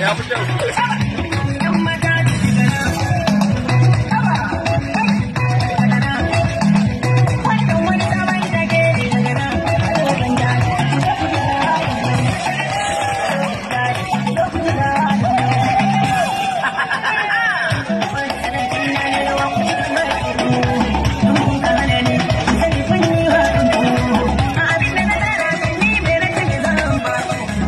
Yeah,